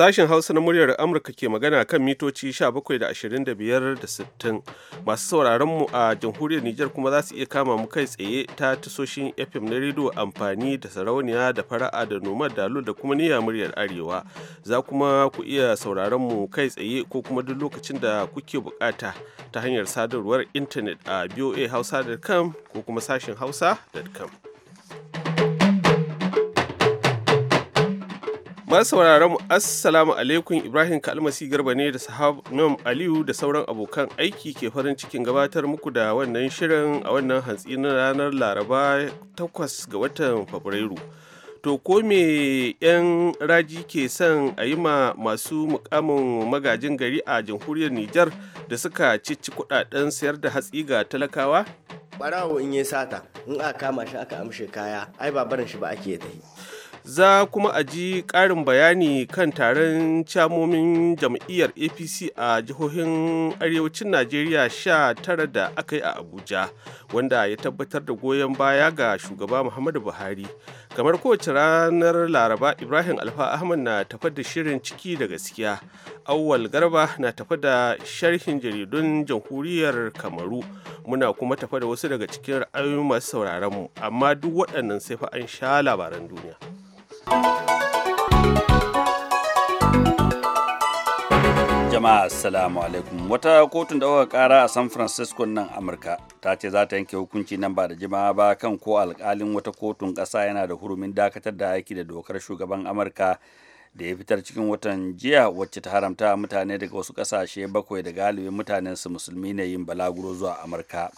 Sashen Hausa na muryar Amurka ke magana kan mitoci bakwai da da sittin Masu sauraron mu a jamhuriyar Nijar kuma za su iya kama mu kai tsaye ta tasoshin FM na rediyo amfani da sarauniya da fara'a da noma dalu da kuma niyya muryar Arewa. Za kuma ku iya sauraron mu kai tsaye ko kuma duk lokacin da kuke bukata ta hanyar sadarwar intanet a boahausa.com ko kuma sashen hausa.com. Masu sauraron mu Assalamu alaikum Ibrahim Kalmasi Garba ne da sahab Nom Aliyu da sauran abokan aiki ke farin cikin gabatar muku da wannan shirin a wannan hantsi na ranar Laraba 8 ga watan Fabrairu. To ko me 'yan raji ke son a yi ma masu mukamin magajin gari a jamhuriyar Nijar da suka cici kudaden sayar da hatsi ga talakawa? Barawo in yi sata, in aka kama shi aka amshe kaya, ai ba barin shi ba ake yi. za kuma a ji ƙarin bayani kan taron camomin jam'iyyar apc a jihohin arewacin najeriya sha tara da aka yi a abuja wanda ya tabbatar da goyon baya ga shugaba muhammadu buhari kamar kowace ranar laraba ibrahim alfa ahmad na tafa da shirin ciki da gaskiya awwal garba na tafa da sharhin jaridun jamhuriyar kamaru muna kuma tafa da wasu daga cikin ra'ayoyin masu sauraron mu amma duk waɗannan sai fa an sha labaran duniya jama'a assalamu alaikum wata kotun aka kara a san francisco nan amurka ta ce za ta yanke hukunci nan ba da jima'a ba kan ko alkalin wata kotun ƙasa yana da hurumin dakatar da aiki da dokar shugaban amurka da ya fitar cikin watan jiya wacce ta haramta mutane daga wasu ƙasashe bakwai da galibin mutanen su musulmi ne yin balaguro zuwa amurka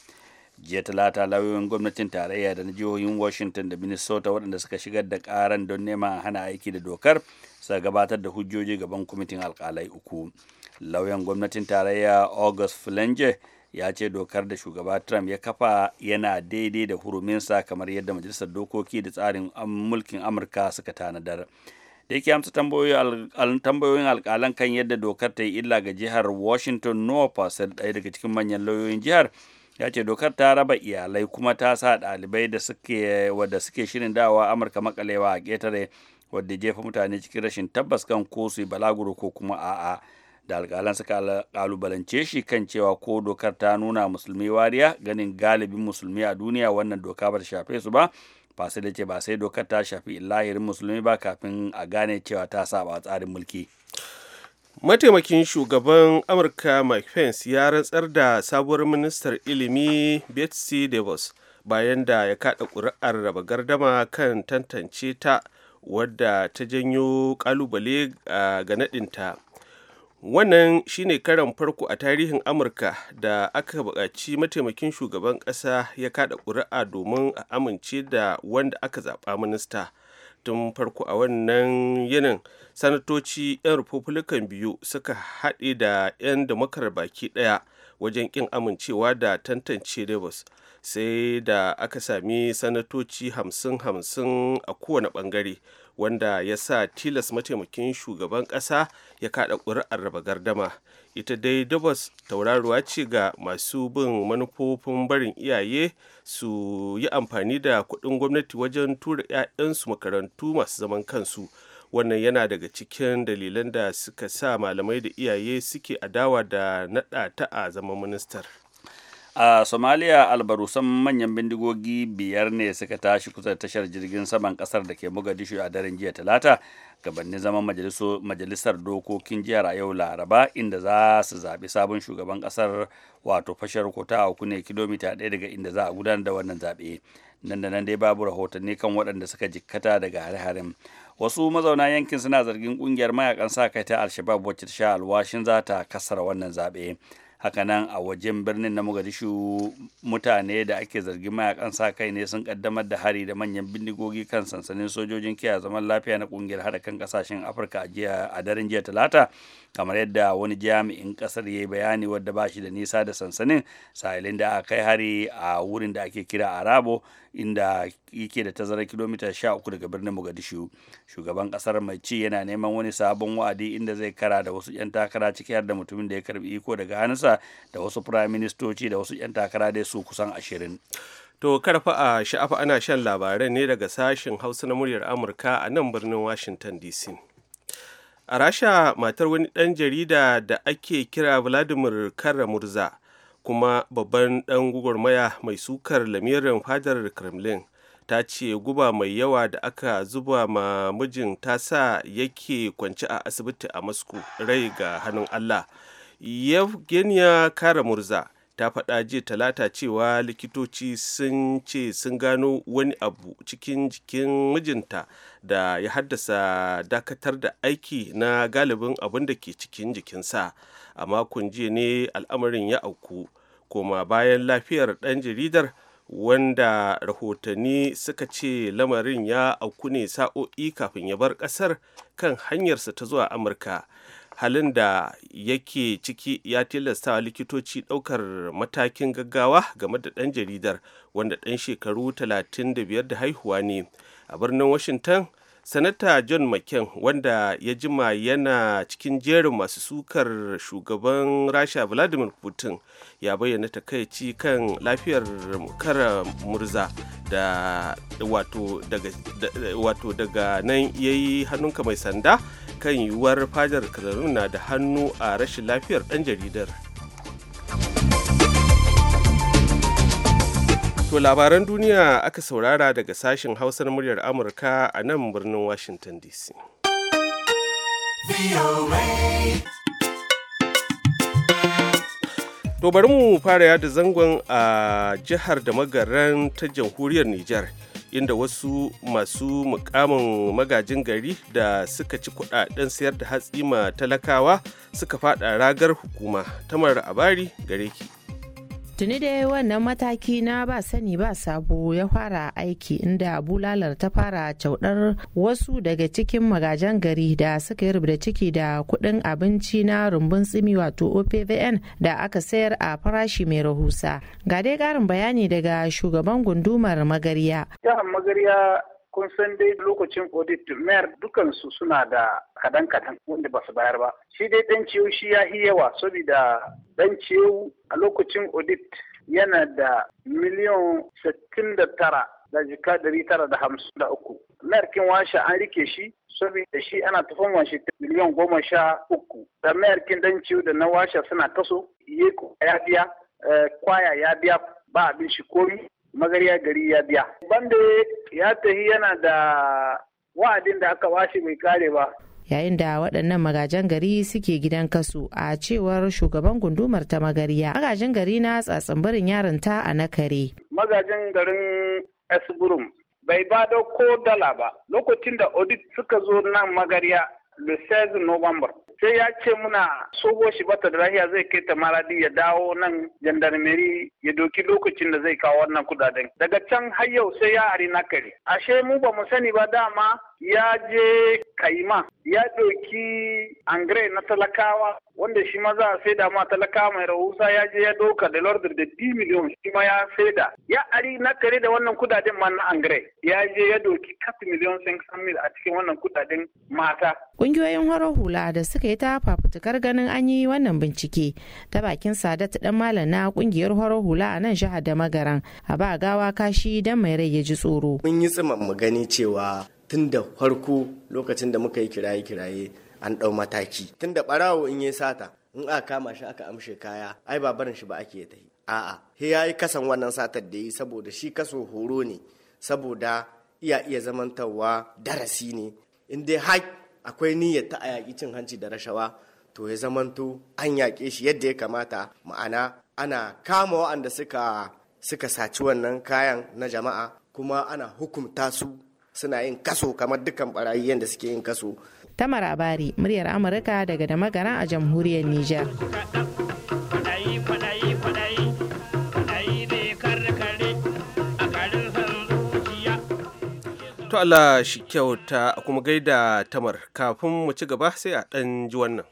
jiya talata lauyoyin gwamnatin tarayya da na jihohin washington da minnesota waɗanda suka shigar da ƙaran don neman hana aiki da dokar suka gabatar da hujjoji gaban kwamitin alkalai uku lauyan gwamnatin tarayya august flange ya ce dokar da shugaba trump ya kafa yana daidai da huruminsa kamar yadda majalisar dokoki da tsarin mulkin amurka suka tanadar da yake amsa tambayoyin alkalan kan yadda dokar ta yi illa ga jihar washington noah parcel ɗaya daga cikin manyan lauyoyin jihar ya ce dokar ta raba iyalai kuma ta sa ɗalibai da suke wadda suke shirin dawa amurka makalewa a ƙetare wadda jefa mutane cikin rashin tabbas kan ko su yi balaguro ko kuma a'a. da alƙalan suka ƙalubalance shi kan cewa ko dokar ta nuna musulmi wariya ganin galibin musulmi a duniya wannan doka ba ta shafe su ba ba sai da ce ba sai dokar ta shafi lahirin musulmi ba kafin a gane cewa ta saba tsarin mulki mataimakin shugaban amurka mike pence ya rantsar da sabuwar ministar ilimi betsy davis bayan da ya kada ƙuri'ar raba gardama kan tantance ta wadda ta janyo kalubale ga naɗinta wannan shine karan farko a tarihin amurka da aka buƙaci mataimakin shugaban ƙasa ya kada ƙuri'a domin a amince da wanda aka zaɓa minista tun farko a wannan yinin sanatoci 'yan republican biyu suka haɗe da 'yan damakar baki ɗaya wajen ƙin amincewa da tantance davis sai da aka sami sanatoci 50-50 a kowane ɓangare wanda ya sa tilas mataimakin shugaban ƙasa ya kaɗa ƙuri'ar raba gardama ita dai dabas tauraruwa ce ga masu bin manufofin barin iyaye su yi amfani da kuɗin gwamnati wajen tura 'ya'yansu makarantu masu zaman kansu wannan yana daga cikin dalilan da suka sa malamai da iyaye suke adawa da naɗa ta a zaman ministar. a somaliya albarusan manyan bindigogi biyar ne suka tashi kusa da tashar jirgin saman kasar da ke mogadishu a daren jiya talata gabanin zaman majalisar dokokin jihar a yau laraba inda za su zaɓi sabon shugaban kasar wato fashar kota a kune kilomita ɗaya daga inda za a gudanar da wannan zaɓe nan da nan dai babu rahotanni kan waɗanda suka jikkata daga hare-haren wasu mazauna yankin suna zargin ƙungiyar mayakan sa kai ta alshabab wacce ta sha alwashin za ta kasar wannan zaɓe hakanan a wajen birnin na mogadishu mutane da ake zargin mayakan sa kai ne sun kaddamar da hari da manyan bindigogi kan sansanin sojojin kiyaye zaman lafiya na kungiyar hada kan kasashen afirka a daren jiya talata kamar yadda wani jami'in kasar ya yi bayani wadda ba shi da nisa da sansanin sahilin da aka kai hari a wurin da ake kira arabo inda yake da tazarar kilomita 13 daga birnin mogadishu shugaban kasar mai ci yana neman wani sabon wa'adi inda zai kara da wasu 'yan takara ciki har da mutumin da ya karbi iko daga hannunsa da wasu firaministoci da wasu 'yan takara dai su kusan ashirin. To karfa a sha'afa ana shan labarai ne daga sashen Hausa na muryar Amurka a nan birnin Washington DC. A Rasha matar wani ɗan jarida da ake kira Vladimir Karamurza kuma babban ɗan gugurmaya mai sukar lamirin fadar Kremlin ta ce guba mai yawa da aka zuba ma mijin ta sa yake kwanci a asibiti a Moscow rai ga hannun Allah. kara Murza, ta faɗa jiya talata cewa likitoci sun ce sun gano wani abu cikin jikin mijinta da ya haddasa dakatar da aiki na galibin abin da ke cikin jikinsa a makon jiya ne al'amarin ya auku koma bayan lafiyar ɗan jaridar wanda rahotanni suka ce lamarin ya auku ne sa'o'i kafin ya bar ƙasar kan hanyarsa ta zuwa amurka halin da yake ciki ya tilastawa likitoci ɗaukar matakin gaggawa game da ɗan jaridar wanda ɗan shekaru 35 da haihuwa ne a birnin washington sanata john mccain wanda ya jima yana cikin jerin masu sukar shugaban rasha vladimir putin ya bayyana takaici kan lafiyar kara murza da wato daga, da, wato daga nan ya yi hannunka mai sanda kan yiwuwar fadar kadarun na da hannu a rashin lafiyar ɗan jaridar to labaran duniya aka saurara daga sashen hausar muryar amurka a nan birnin washington dc To bari mu fara yada zangon a jihar da magaran ta jamhuriyar Nijar inda wasu masu mukamin magajin gari da suka ci kudaden sayar da hatsi ma talakawa suka fada ragar hukuma tamar abari gare ki. Tuni da wannan mataki na ba sani ba sabo ya fara aiki inda bulalar ta fara caudar wasu daga cikin magajan gari da suka yi rubuta ciki da kudin abinci na rumbun tsimi wato OPVN da aka sayar a farashi mai rahusa. Ga dai karin bayani daga shugaban gundumar Magariya. Jihar Magariya kun san dai lokacin audit mayar dukansu suna da kadan kadan wanda ba su bayar ba shi dai dan ciwo shi ya yi yawa saboda dan ciwo a lokacin audit yana da miliyan sittin da tara da jika dari tara da hamsin da uku washe an rike shi saboda shi ana tafan washe miliyan goma sha uku da dan ciwo da na washe suna kaso ya biya eh, kwaya ya biya ba abin shi komi magariya gari ya biya bande ya tahi yana da wa'adin da aka bashi mai kare ba yayin da waɗannan magajan gari suke gidan kasu a cewar shugaban gundumar ta magariya magajin gari na tsatsambarin yaron ta a kare. magajin garin esburum bai ba da ko dala ba lokacin da audit suka zo nan magariya le 16 november sai ya ce muna soho shi bata da lahiya zai kai ta maradi ya dawo nan jandarmeri ya doki lokacin da zai kawo wannan kudaden daga can har yau sai ya ari nakari ashe mu ba mu sani ba dama ya je kaima ya ɗauki angre na talakawa wanda shi ma za a saida ma talakawa mai rahusa ya je ya ɗauka da lordar da d miliyon shi ma ya saida ya ari na kare da wannan kudaden ma na angre ya je ya ɗauki kati miliyon sun mil a cikin wannan kudaden mata. Ƙungiyoyin horo hula da suka yi ta fafutukar ganin an yi wannan bincike ta bakin sadat dan malam na ƙungiyar horo hula a nan jihar da magaran a ba gawa kashi dan mai rai ya ji tsoro. Mun yi tsiman mu gani cewa tun da farko lokacin da muka yi kiraye-kiraye an ɗau mataki tun da ɓarawo in yi sata in aka kama shi aka amshe kaya ai ba barin shi ba ake tahi a'a he ya yi kasan wannan satar da yi saboda shi kaso horo ne saboda iya iya zamantawa darasi ne in dai har akwai niyyar ta a yaƙi cin hanci da rashawa to ya zamanto an yaƙe shi yadda ya kamata ma'ana ana kama waɗanda suka suka saci wannan kayan na jama'a kuma ana hukunta su suna yin kaso kamar dukkan barayi yadda suke yin kaso. Tamar Abari, muryar Amurka daga da magana a jamhuriyar Nijar. To Allah shi kyauta kuma gaida tamar kafin mu ci gaba sai a ɗan ji wannan.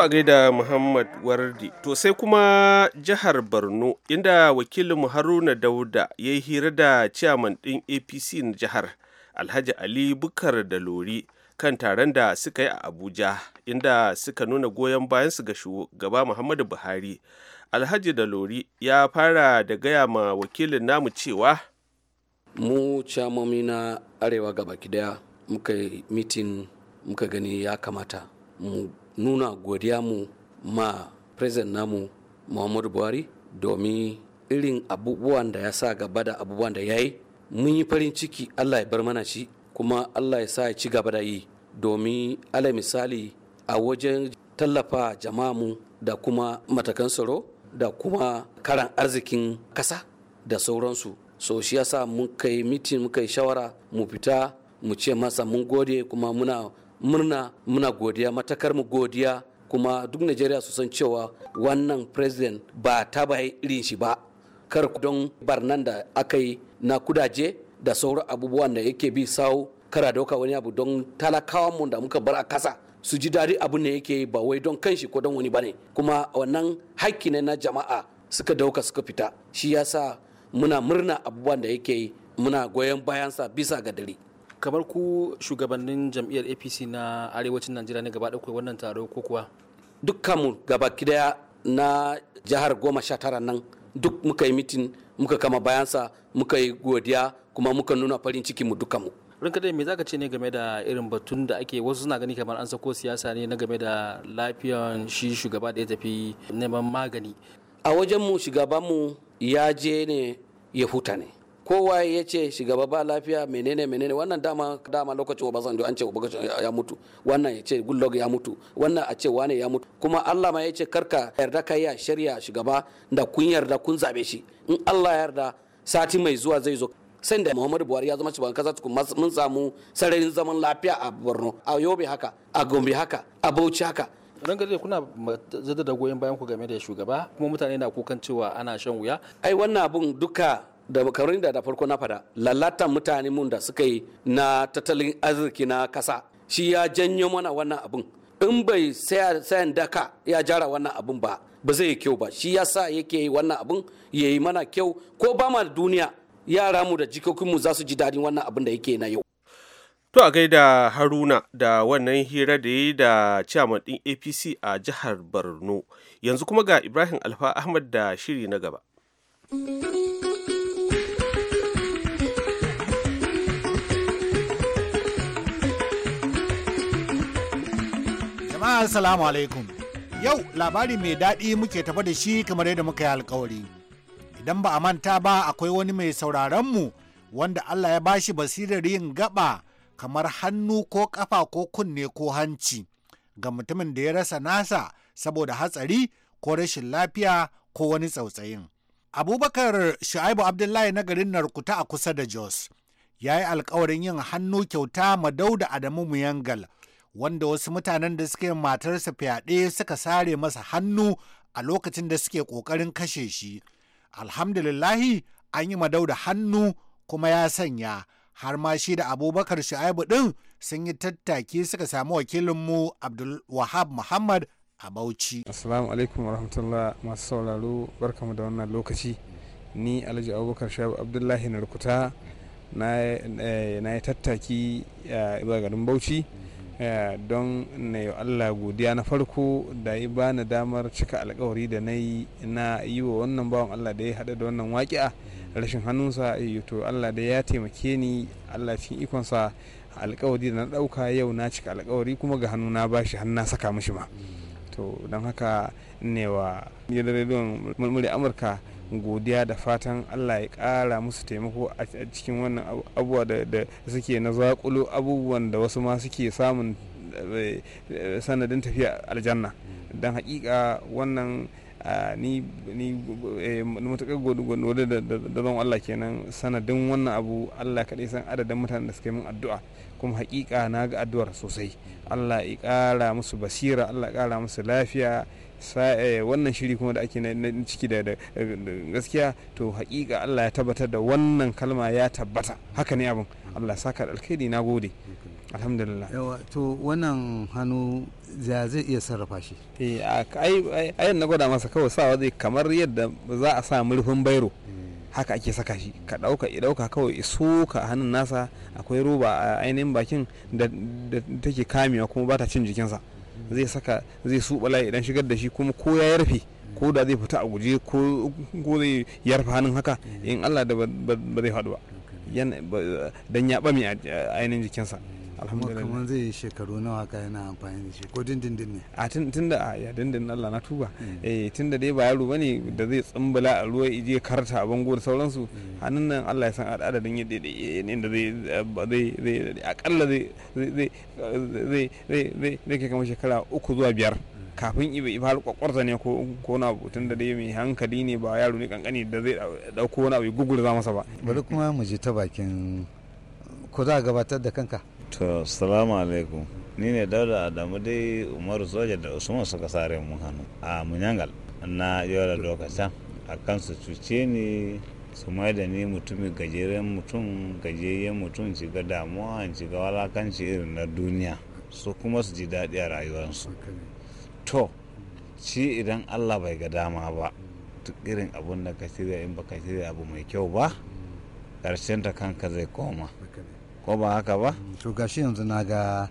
a gaida Muhammad Wardi. To sai kuma jihar Borno inda wakilin Haruna Dauda ya yi hira da ciyaman ɗin APC na jihar Alhaji Ali Bukar da Lori kan taron da suka yi a Abuja inda suka nuna goyon bayan su ga shugaba Muhammadu Buhari. Alhaji da Lori ya fara da gaya ma wakilin namu cewa mu ciyamomi na arewa gaba daya muka mitin muka gani ya kamata mu nuna godiya mu ma president namu muhammadu buhari domin irin abubuwan da ya sa gaba da abubuwan da ya yi mun yi farin ciki allah ya bar mana shi kuma allah ya sa ya ci gaba da yi domin ala misali a wajen tallafa jama'a mu da kuma matakan tsaro da kuma karan arzikin kasa da sauransu so shi yasa mun kai mitin muka yi shawara mu fita mu ce masa mun gode kuma muna murna muna godiya matakar mu godiya kuma duk najeriya su san cewa wannan president ba ta bai irin shi ba kar don barnan da aka yi na kudaje da sauran abubuwan da yake bi sawo kara dauka wani abu don talakawan mu da muka bar a kasa su ji daɗi abu ne yake yi ba wai don kanshi ko don wani bane kuma wannan hakki ne na jama'a suka dauka suka fita shi yasa muna murna abubuwan da yake yi muna goyon bayansa bisa ga dare kamar ku shugabannin jam'iyyar apc na arewacin najeriya ne gaba ɗaukwai wannan taro ko kuwa dukkanmu gaba kidaya na jihar goma sha tara nan duk muka yi mitin muka kama bayansa muka yi godiya kuma muka nuna farin ciki mu dukkanmu rinka dai me zaka ce ne game da irin batun da ake wasu suna gani kamar an sako siyasa ne na game da lafiyan shi shugaba da ya tafi neman magani a wajen mu shugaban mu ya je ne ya huta ne kowa ya ce shugaba ba lafiya menene menene wannan dama dama lokacin ba Obasanjo an ce Obasanjo ya mutu wannan ya ce gullog ya mutu wannan a ce wane ya mutu kuma Allah ma ya ce karka yarda ka ya shirya shugaba da kun yarda kun zabe shi in Allah yarda sati mai zuwa zai zo sai da Muhammadu Buhari ya zama shugaban kasa tukun mun samu sararin zaman lafiya a Borno a Yobe haka a Gombe haka a Bauchi haka don gari kuna zada da goyon bayan ku game da shugaba kuma mutane na kukan cewa ana shan wuya ai wannan abun duka da kamar da da farko na fada lalata mutane mun da suka yi na tattalin arziki na kasa shi ya janyo mana wannan abin in bai sayan daka ya jara wannan abin ba ba zai yi kyau ba shi ya sa yake yi wannan abin ya yi mana kyau ko ba ma duniya yara mu da jikokinmu za su ji daɗin wannan abin da yake na yau To a gaida Haruna da wannan hira da yi da chairman ɗin APC a jihar Borno. Yanzu kuma ga Ibrahim Alfa Ahmad da shiri na gaba. jama'a assalamu alaikum yau labari mai daɗi muke tafa da shi kamar yadda muka yi alkawari idan ba a manta ba akwai wani mai sauraronmu wanda allah ya bashi basirar yin gaba kamar hannu ko ƙafa ko kunne ko hanci ga mutumin da ya rasa nasa saboda hatsari ko rashin lafiya ko wani tsautsayin abubakar shu'aibu abdullahi na garin narkuta a kusa da jos ya yi alkawarin yin hannu kyauta ma dauda adamu muyangal wanda wasu mutanen da suke matarsa fyaɗe suka sare masa hannu a lokacin da suke ƙoƙarin kashe shi. Alhamdulillahi an yi madauda hannu kuma ya sanya har ma shi da abubakar shu'aibu ɗin sun yi tattaki suka samu wakilinmu Abdul Wahab Muhammad a Bauchi. Assalamu alaikum warahmatullah masu sauraro barkamu da wannan lokaci. Ni Alhaji Abubakar Shu'aibu Abdullahi Narkuta na yi eh, tattaki eh, a garin Bauchi. Eh, don na yi allah godiya na farko da ba na damar cika alkawari da na yi na yi wa wannan bawan allah da ya haɗa da wannan waƙi'a rashin hannunsa eh, to allah da ya taimake ni allah cikin ikonsa alkawari da na ɗauka yau na cika alkawari kuma ga hannu na bashi hannu saka mishi ma to don haka ne wa yadda rediyon murmuri amurka godiya da fatan allah ya ƙara musu taimako a cikin wannan abubuwa da suke na zakulo abubuwan da wasu ma suke samun eh, sanadin tafiya aljanna don hakika wannan ni matuƙar gode da zan Allah kenan sanadin wannan abu Allah kaɗai san adadin mutanen da suka yi min addu'a kuma hakika na ga addu'ar sosai Allah ya ƙara musu basira Allah ya ƙara musu lafiya Eh, wannan shiri kuma da ake na ciki da gaskiya to hakika Allah ya tabbatar da wannan kalma ya tabbata haka ne abin Allah saka da alkhairi na gode alhamdulillah yawa to wannan hannu za zai iya sarrafa shi eh ai na gwada masa kawai sawa zai kamar yadda za a sa murfin bairo haka ake saka shi ka ɗauka ya dauka kawai iso ka hannun nasa akwai roba a ainihin bakin da take kamewa kuma ba ta cin jikinsa zai saka zai su layi idan shigar da shi kuma ko ya yarfe ko da zai fita a guje ko zai yarfa hannun haka in allah da ba zai faɗu ba dan ya ɓame ainihin jikinsa alhamdulillah kuma zai yi shekaru nawa ka yana amfani da shi ko dindindin ne a tun da ya dindin Allah na tuba hmm. eh tun da dai ba yaro bane da zai tsumbula a ruwa ije karta a bango da sauransu hmm. hannun nan Allah ya san adadin yadda inda zai zai zai akalla zai zai zai zai zai kai kamar shekara uku zuwa biyar hmm. kafin ibe ifa kwakwarta ne ko na tun da dai mai hankali ne ba yaro ne kankani da zai dauko wani abu ya za masa ba bari kuma mu je ta bakin ko za a gabatar da kanka to salamu alaikum ni ne dauda adamu dai umaru soja da usman suka sare mun hannu a munyangal na yau lokacin a kan su cuce ni su mai da ni mutumi gajeren mutum gajeren mutum shiga damuwa ga walakanci irin na duniya su kuma su ji daɗi a rayuwarsu to ci idan allah bai ga dama ba duk irin abun da ka shirya in ba ka shirya abu mai kyau ba ƙarshen ta kanka zai koma ko ba haka ba mm, to gashi yanzu na ga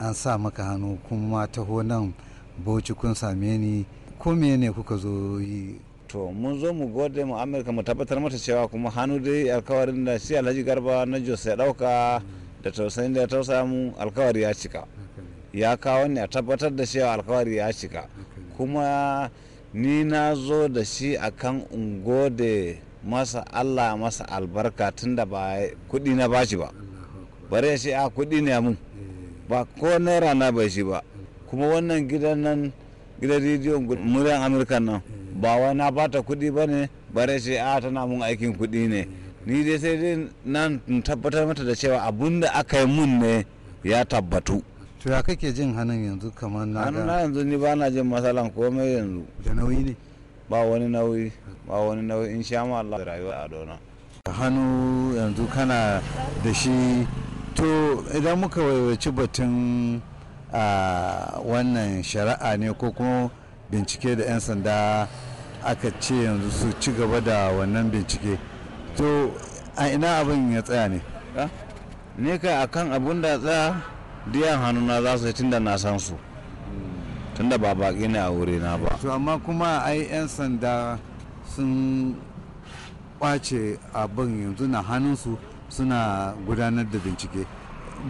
an sa maka hannu kuma taho nan bauchi kun same ni ko ne kuka zo yi to mun zo mu gode mu amurka mu tabbatar mata cewa kuma hannu dai alkawarin da shi alhaji garba na jos ya dauka da tausayin da ya tausaya mu alkawari ya cika ya kawo ne a tabbatar da cewa alkawari ya cika kuma ni na zo da shi akan ungode masa allah masa albarka tunda ba kudi na bashi ba bare shi ce a ah, kudi ne mun ba ko naira na bai shi ba kuma wannan gidan nan gidan rediyon muryan amurka nan ba wai na bata kudi ba ne bare ce a ah, tana mun aikin kudi ne ni dai sai dai nan tabbatar mata da cewa abun da aka yi mun ne ya tabbatu to ya kake jin hannun yanzu kamar na hannun yanzu ni ba na jin matsalan komai yanzu da nauyi ne ba wani nauyi ba wani nauyi in sha ma Allah rayuwa a dona hannu yanzu kana da shi to idan muka waiwaci batun a wannan shari'a ne ko kuma bincike da 'yan sanda aka ce yanzu su ci gaba da wannan bincike to a ina abin ya tsaya ne ne kai akan abun da tsaya diyan hannuna za su yi tun da na san su tunda ba baki ne a wurina ba to amma kuma ai 'yan sanda sun kwace abin yanzu na hannunsu suna gudanar da bincike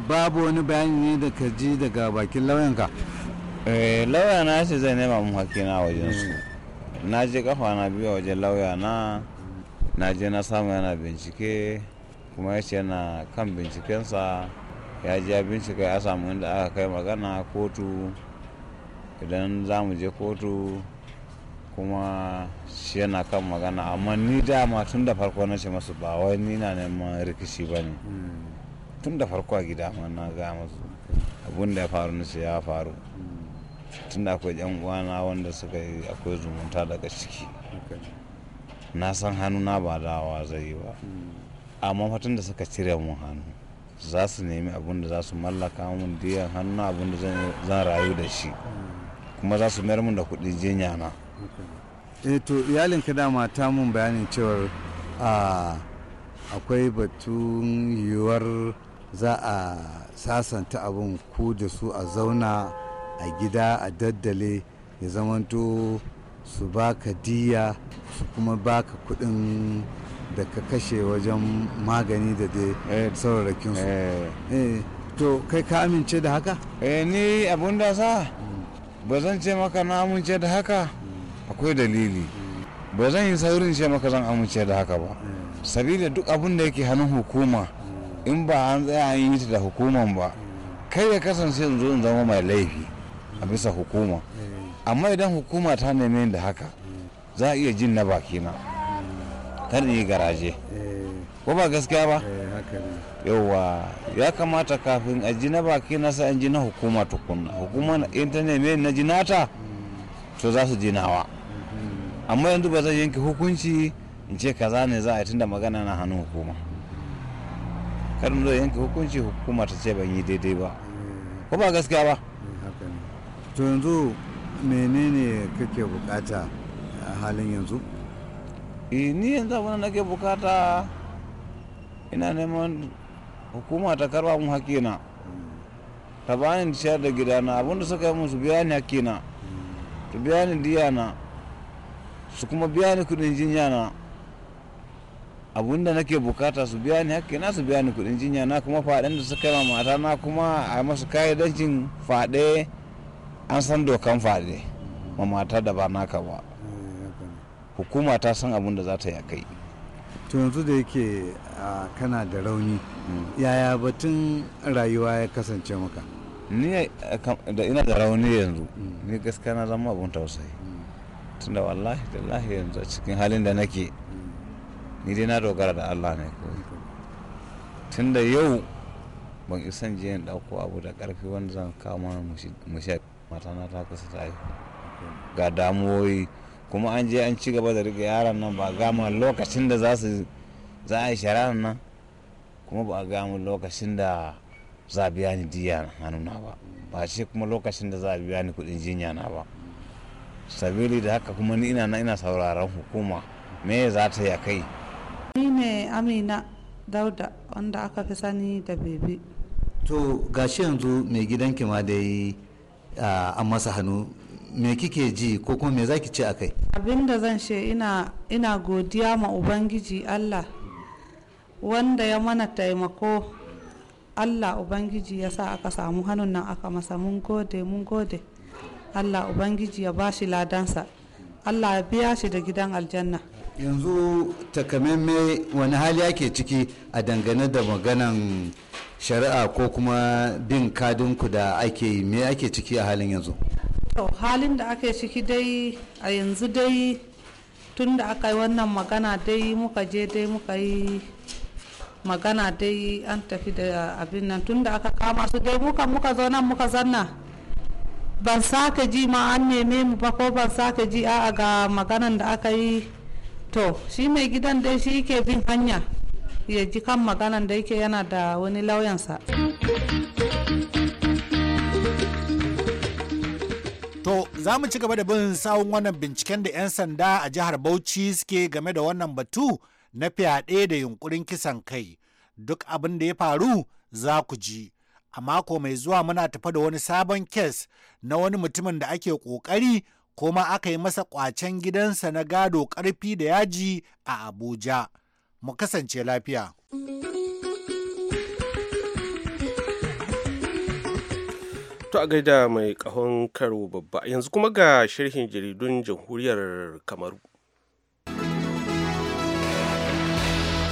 babu wani bayani ne da ka ji daga bakin lauyanka eh, lauya na ce zai nema mun na wajen su na je kafa na biyu wajen lauya na na je na samu yana bincike kuma ya ce na kan bincikensa ya ji ya bincika ya samu inda aka kai magana kotu idan za mu je kotu kuma shi yana kan magana amma ni dama tun da farko na ce masu ba wai ni na neman rikici ba ne hmm. tun da farko a gida ma na ga masu abun da ya faru na ce ya faru hmm. tun da akwai yan uwana wanda suka yi akwai zumunta daga ciki na san hannu na ba dawa zai yi ba hmm. amma fatan da suka cire mun hannu za su nemi abun da za su mallaka mun diyan hannu abun da zan rayu da shi kuma za su mayar mun da kuɗi jinya na eh to ka dama mata mun bayanin cewar akwai batun yiwuwar za a sasanta abin ku da su a zauna a gida a daddale ya zamanto su baka diya su kuma baka kuɗin da ka kashe wajen magani da dai eh, saurakin su eh. eh, to kai ka amince da haka? eh ni abun da sa ba zan ce maka na amince da haka akwai dalili ba zan yi saurin ce maka zan amince da haka ba sabida duk abin da yake hannun hukuma in ba an tsaya an yi ta da hukuman ba kai ya kasance in zo in zama mai laifi a bisa hukuma amma idan hukuma ta neme da haka za a iya jin na bakina kar yi garaje ko ba gaskiya ba kenan ya kamata kafin a ji na baki na sa an ji na hukuma tukunna hukuma na intanet mai na ji nata to za su jinawa amma yanzu ba zan yanke hukunci in ce kaza ne za a yi tunda magana na hannun hukuma karin zai yanke hukunci hukuma ta ce ban yi daidai ba ko ba gaskiya ba eh, to yanzu menene kake bukata a halin yanzu eh, ni yanzu abin da nake bukata ina neman hukuma ta karba mu hakina ta bani ciyar da gidana abinda suka yi musu biya ni hakina ta biya ni diyana su kuma biya ni kudin jinya na abinda nake bukata su biya ni hakina su biya ni kudin jinya na kuma faɗin da suka yi ma mata na kuma a masu ka'idancin faɗe an san dokan faɗe ma mata da ba naka ba eh, hukuma ta san abinda da za ta yi kai to yanzu da yake kana da rauni mm. yaya batun rayuwa ya kasance maka ni eh, da ina da rauni yanzu mm. ni gaskiya na zama abun tausayi mm. tunda wallahi da lahi yanzu a cikin halin da nake ni dai na dogara da allah ne kawai tunda yau ban isan jiyan dauko abu da karfi wanda zan kama mu sha mata na ta kasa ta ga damuwoyi kuma an je an ci gaba da rike yaran nan ba gama lokacin da za su za a yi shari'ar nan kuma ba a gama lokacin da za biya ni diya hannuna ba ba ce kuma lokacin da za a biya ni kudin jinya na ba sabili da haka kuma ni ina na ina sauraron hukuma me za ta ya kai ni ne amina dauda wanda aka fi sani da bebe to gashi yanzu mai gidan ma dai ah, an masa hannu me kike ji ko kuma me za ki ce a kai abinda zan ce ina, ina godiya ma ubangiji allah wanda ya mana taimako allah ubangiji ya sa aka samu hannun nan aka masa mun gode mun gode allah ubangiji ya bashi ladansa allah ya biya shi da gidan aljanna yanzu takamaimai wani hali ake ciki a dangane da maganan shari'a ko kuma bin kadinku da ake yi me ake ciki a halin yanzu to halin da aka ciki dai a yanzu dai tun da aka yi wannan magana dai muka je dai muka yi magana dai an tafi da abin nan tun da aka kama su dai muka muka zo nan muka zanna ban sake ji ma an neme mu ba ko ban sake ji a ga maganan da aka yi to shi mai gidan dai shi ke bin hanya ya ji kan maganan da yake yana da wani lauyansa. Za mu ci gaba da bin sawun wannan binciken da 'yan sanda a jihar Bauchi suke game da wannan batu na fyaɗe da yunkurin kisan kai. Duk abin da ya faru za ku ji. A mako mai zuwa muna tafa da wani sabon kes na wani mutumin da ake ƙoƙari ko aka yi masa ƙwacen gidansa na gado ƙarfi da yaji a Abuja. Mu kasance lafiya. To a gaida mai kahon karo babba yanzu kuma ga sharhin jaridun jamhuriyar Kamaru.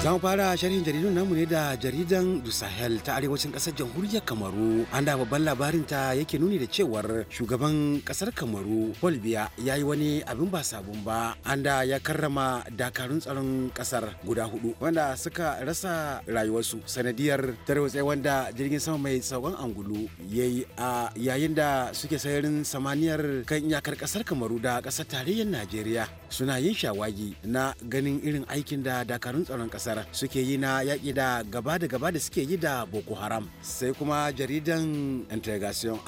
Za mu fara sharhin jaridun namu ne da jaridan Du ta arewacin kasar jamhuriyar Kamaru. An da babban labarin ta yake nuni da cewar shugaban kasar Kamaru Paul Biya ya yi wani abin ba sabon ba. An da ya karrama dakarun tsaron kasar guda hudu wanda suka rasa rayuwarsu sanadiyar tarwatse wanda jirgin sama mai saukan angulu ya yi a yayin da suke sayarin samaniyar kan iyakar kasar Kamaru da kasar tarayyar Najeriya suna yin shawagi na ganin irin aikin da dakarun tsaron kasar kasar suke yi na yaƙi da gaba da gaba da suke yi da boko haram sai kuma jaridan an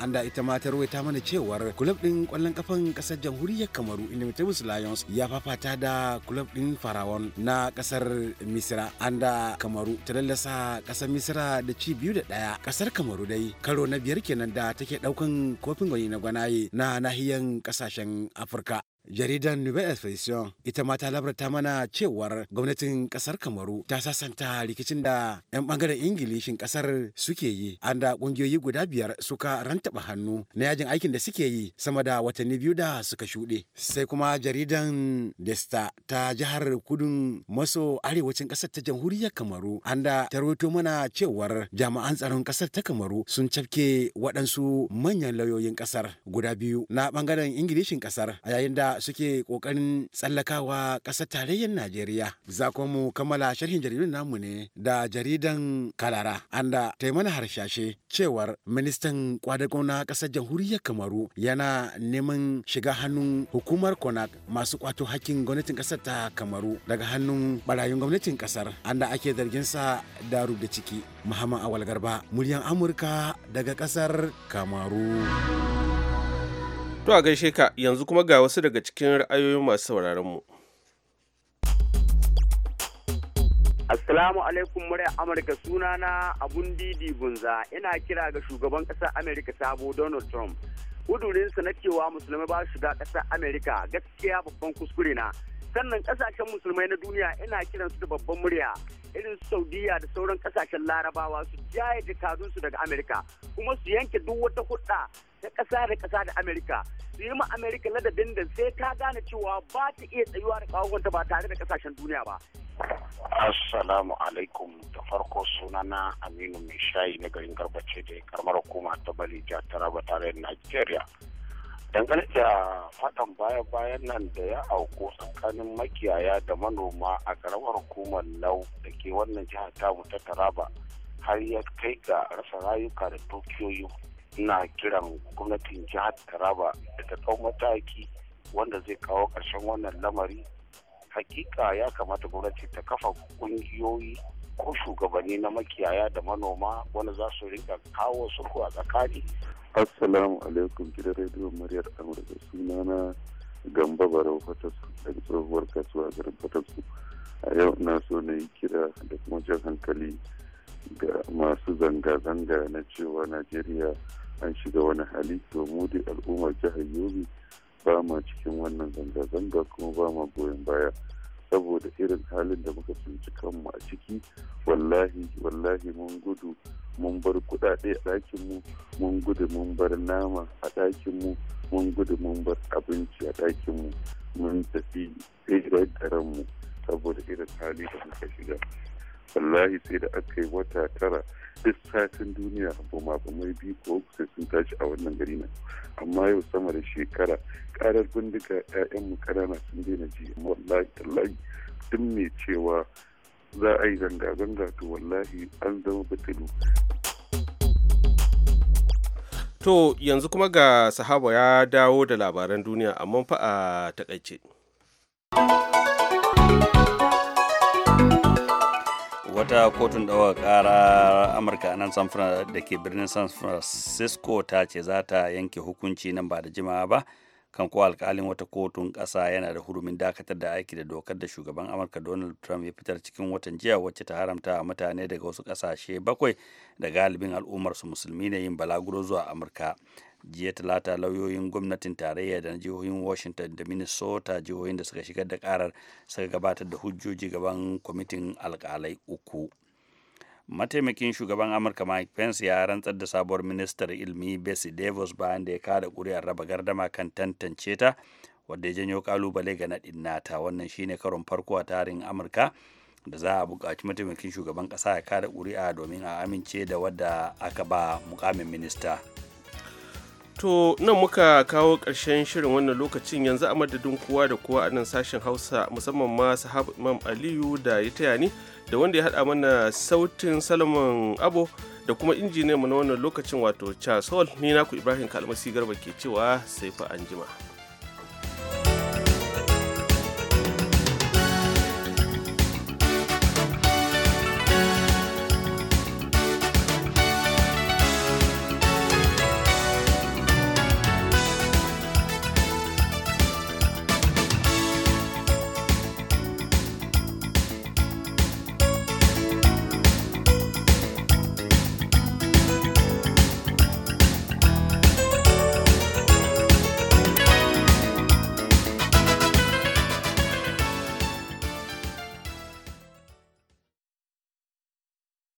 anda ita ma ta rawaita mana cewar kulub ɗin ƙwallon kafan ƙasar jamhuriyar kamaru indomitable lions ya fafata da kulub ɗin farawon na ƙasar misira anda kamaru ta lallasa ƙasar misira da ci biyu da ɗaya ƙasar kamaru dai karo na biyar kenan da take ɗaukan kofin gwani na gwanaye na nahiyan ƙasashen afirka jaridan nouvelle expression ita ma ta labarta mana cewar gwamnatin kasar kamaru ta sasanta rikicin da 'yan bangaren ingilishin kasar suke yi an da kungiyoyi guda biyar suka rantaba hannu na yajin aikin da suke yi sama da watanni biyu da suka shuɗe sai kuma jaridan desta ta jihar kudun maso arewacin kasar ta jamhuriyar kamaru an da ta mana cewar jami'an tsaron kasar ta kamaru sun cafke waɗansu manyan lauyoyin kasar guda biyu na bangaren ingilishin kasar a yayin da suke kokarin tsallakawa ƙasar tarayyar najeriya za mu kammala sharhin jaridun namu ne da jaridan kalara anda ta mana harshashe cewar ministan kwadago na ƙasar jamhuriyar kamaru yana neman shiga hannun hukumar konak masu kwato hakkin gwamnatin ƙasar ta kamaru daga hannun barayin gwamnatin ƙasar anda ake zargin sa da rubda ciki muhammad awal garba muryan amurka daga ƙasar kamaru. To a gaishe ka yanzu kuma ga wasu daga cikin ra'ayoyin masu sauraron mu. Assalamu alaikum murya Amurka sunana abun didi bunza ina kira ga shugaban ƙasar amurka sabo Donald Trump. Hudurinsa na cewa musulmai ba shiga ƙasar Amurka gaskiya babban kuskure na sannan kasashen musulmai na duniya ina kiran su da babban murya irin saudiya da sauran kasashen larabawa su jaye jakadunsu daga amerika kuma su yanke duk wata hudda ta kasa da kasa da amerika su yi ma amerika ladabin da sai ta gane cewa ba ta iya tsayuwa da kawonta ba tare da kasashen duniya ba assalamu alaikum da farko sunana aminu mai shayi na garin garbace da karmar hukuma ta jihar taraba tare da nigeria. dangane da faɗan baya-bayan nan da ya auku tsakanin makiyaya da manoma a karamar hukumar lau da ke wannan jihar tamu ta taraba har ya kai ga rasa rayuka da tokiyoyi na kiran gwamnatin jihar taraba da ta ɗau mataki wanda zai kawo ƙarshen wannan lamari hakika ya kamata gwamnati ta kafa ƙungiyoyi ko shugabanni na makiyaya da manoma wanda za su rinka kawo sulhu a tsakani assalamu alaikum gidan rediyo maryar amurka suna na gamba barau fatasku daga tsohuwar kasuwa garin fatasku a yau na so na yi kira da kuma jan hankali ga masu zanga-zanga na cewa najeriya an shiga wani hali to mu da al'ummar jihar yobe ba ma cikin wannan zanga-zanga kuma ba ma goyon baya saboda irin halin da muka tsinci kanmu a ciki wallahi wallahi mun gudu mun bar kudade a mu mun gudu mun bar nama a mu mun gudu mun bar abinci a mu mun tafi tsirar da ranmu saboda irin hali da muka shiga wallahi sai da aka yi wata tara duk satin duniya ba mai bi ko kusa sun tashi a wannan gari na amma yau sama da shekara karar bindiga 'ya'yanmu ƙanana sun daina ji wallahi tallahi duk mai cewa za a yi zanga-zanga to wallahi an zama fitilu to yanzu kuma ga sahaba ya dawo da labaran duniya amma fa a takaice wata kotun ɗaukar ƙara amurka nan da ke birnin san francisco ta ce za ta yanke hukunci nan ba da jimawa ba kan ko alkalin wata kotun ƙasa yana da hurumin dakatar da aiki da dokar da shugaban amurka donald trump ya fitar cikin watan jiya wacce ta haramta mutane daga wasu ƙasashe bakwai da galibin al'ummarsu musulmi ne yin balaguro zuwa amurka jiya talata lauyoyin gwamnatin tarayya da na jihohin washington da minnesota jihohin da suka shigar da karar suka gabatar da hujjoji gaban kwamitin alkalai uku mataimakin shugaban amurka mike pence ya rantsar da sabuwar ministar ilmi bessie davis bayan da ya kada kuri'ar raba gardama kan tantance ta wadda ya janyo kalubale ga naɗin nata wannan shine karon farko a tarin amurka da za a buƙaci mataimakin shugaban ƙasa ya kada kuri'a domin a amince da wadda aka ba mukamin minista To nan muka kawo ƙarshen shirin wannan lokacin yanzu a madadin kowa da kowa a nan sashen Hausa musamman ma sahabu Imam Aliyu da ya taya ni da wanda ya haɗa mana sautin Salomon Abo da kuma injiniyanmu na wannan lokacin wato Charles Hall ni naku Ibrahim Kalmasi Garba ke cewa sai fa anjima.